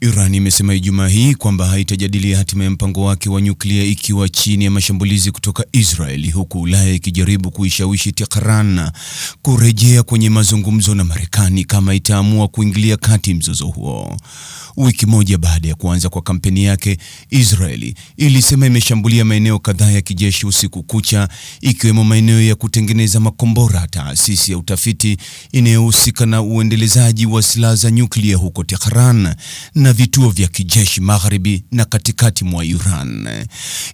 Iran imesema Ijumaa hii kwamba haitajadili hatima ya mpango wake wa nyuklia ikiwa chini ya mashambulizi kutoka Israeli, huku Ulaya ikijaribu kuishawishi Tehran kurejea kwenye mazungumzo na Marekani kama itaamua kuingilia kati mzozo huo. Wiki moja baada ya kuanza kwa kampeni yake, Israeli ilisema imeshambulia maeneo kadhaa ya kijeshi usiku kucha, ikiwemo maeneo ya kutengeneza makombora, taasisi ya utafiti inayohusika na uendelezaji wa silaha za nyuklia huko Tehran na vituo vya kijeshi magharibi na katikati mwa Iran.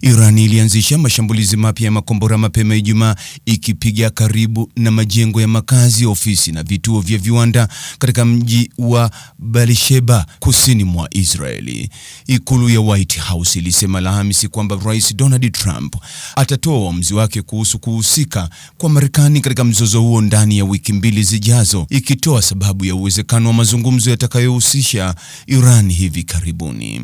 Iran ilianzisha mashambulizi mapya ya makombora mapema Ijumaa, ikipiga karibu na majengo ya makazi, ofisi na vituo vya viwanda katika mji wa Beersheba kusini mwa Israeli. Ikulu ya White House ilisema Alhamisi kwamba Rais Donald Trump atatoa uamuzi wake kuhusu kuhusika kwa Marekani katika mzozo huo ndani ya wiki mbili zijazo, ikitoa sababu ya uwezekano wa mazungumzo yatakayohusisha Iran Iran hivi karibuni.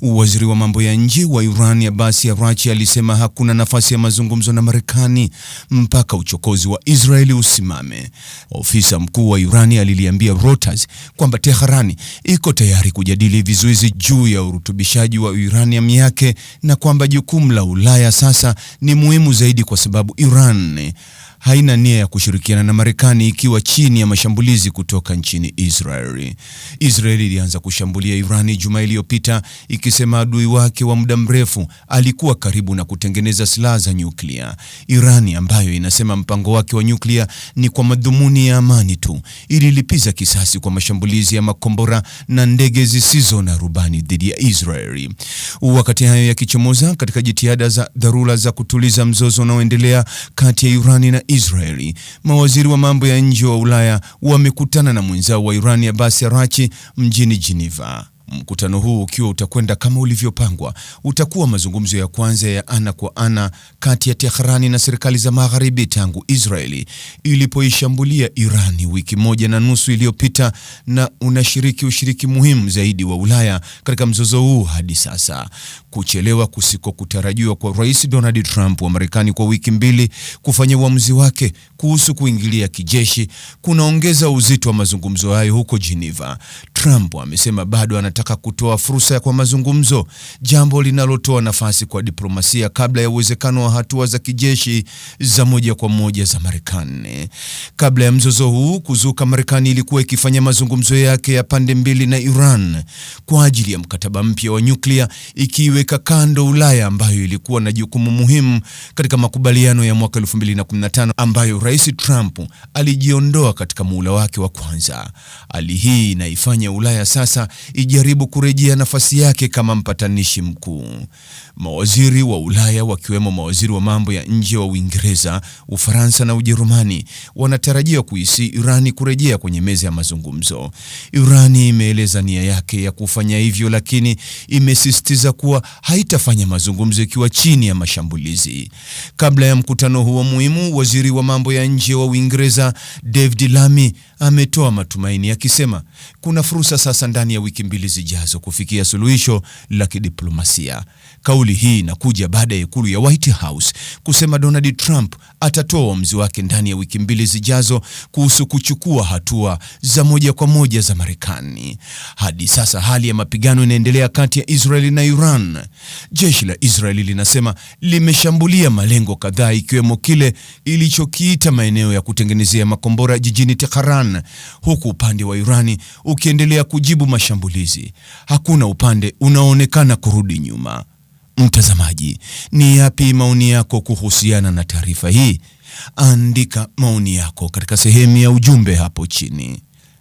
Waziri wa mambo ya nje wa Iran Abbas Araghchi alisema hakuna nafasi ya mazungumzo na Marekani mpaka uchokozi wa Israeli usimame. Ofisa mkuu wa Iran aliliambia Reuters kwamba Tehran iko tayari kujadili vizuizi juu ya urutubishaji wa uranium yake na kwamba jukumu la Ulaya sasa ni muhimu zaidi kwa sababu Iran haina nia ya kushirikiana na Marekani ikiwa chini ya mashambulizi kutoka nchini Israeli. Israeli ilianza kushambulia Irani juma iliyopita ikisema adui wake wa muda mrefu alikuwa karibu na kutengeneza silaha za nyuklia. Irani ambayo inasema mpango wake wa nyuklia ni kwa madhumuni ya amani tu, ililipiza kisasi kwa mashambulizi ya makombora na ndege zisizo na rubani dhidi ya Israeli. Wakati hayo yakichomoza katika jitihada za dharura za kutuliza mzozo unaoendelea kati ya Irani na Israeli. Mawaziri wa mambo ya nje wa Ulaya wamekutana na mwenzao wa Irani Abbas Arachi mjini Geneva. Mkutano huu ukiwa utakwenda kama ulivyopangwa, utakuwa mazungumzo ya kwanza ya ana kwa ana kati ya Tehrani na serikali za Magharibi tangu Israeli ilipoishambulia Irani wiki moja na nusu iliyopita, na unashiriki ushiriki muhimu zaidi wa Ulaya katika mzozo huu hadi sasa. Kuchelewa kusikokutarajiwa kwa Rais Donald Trump wa Marekani kwa wiki mbili kufanya uamuzi wake kuhusu kuingilia kijeshi kunaongeza uzito wa mazungumzo hayo huko Geneva. Trump amesema bado anataka kutoa fursa kwa mazungumzo, jambo linalotoa nafasi kwa diplomasia kabla ya uwezekano wa hatua za kijeshi za moja kwa moja za Marekani. Kabla ya mzozo huu kuzuka, Marekani ilikuwa ikifanya mazungumzo yake ya pande mbili na Iran kwa ajili ya mkataba mpya wa nyuklia ikiwe katika kando Ulaya ambayo ilikuwa na jukumu muhimu katika makubaliano ya mwaka 2015 ambayo Rais Trump alijiondoa katika muhula wake wa kwanza. Hali hii inaifanya Ulaya sasa ijaribu kurejea nafasi yake kama mpatanishi mkuu. Mawaziri wa Ulaya wakiwemo mawaziri wa mambo ya nje wa Uingereza, Ufaransa na Ujerumani wanatarajia kuisi Irani kurejea kwenye meza ya mazungumzo. Irani imeeleza nia yake ya kufanya hivyo, lakini imesisitiza kuwa haitafanya mazungumzo ikiwa chini ya mashambulizi. Kabla ya mkutano huo muhimu, waziri wa mambo ya nje wa Uingereza David Lammy ametoa matumaini akisema kuna fursa sasa ndani ya wiki mbili zijazo kufikia suluhisho la kidiplomasia. Kauli hii inakuja baada ya ikulu ya White House kusema Donald Trump atatoa uamuzi wake ndani ya wiki mbili zijazo kuhusu kuchukua hatua za moja kwa moja za Marekani. Hadi sasa hali ya mapigano inaendelea kati ya Israeli na Iran Jeshi la Israeli linasema limeshambulia malengo kadhaa ikiwemo kile ilichokiita maeneo ya kutengenezea makombora jijini Tehran, huku upande wa Irani ukiendelea kujibu mashambulizi. Hakuna upande unaoonekana kurudi nyuma. Mtazamaji, ni yapi maoni yako kuhusiana na taarifa hii? Andika maoni yako katika sehemu ya ujumbe hapo chini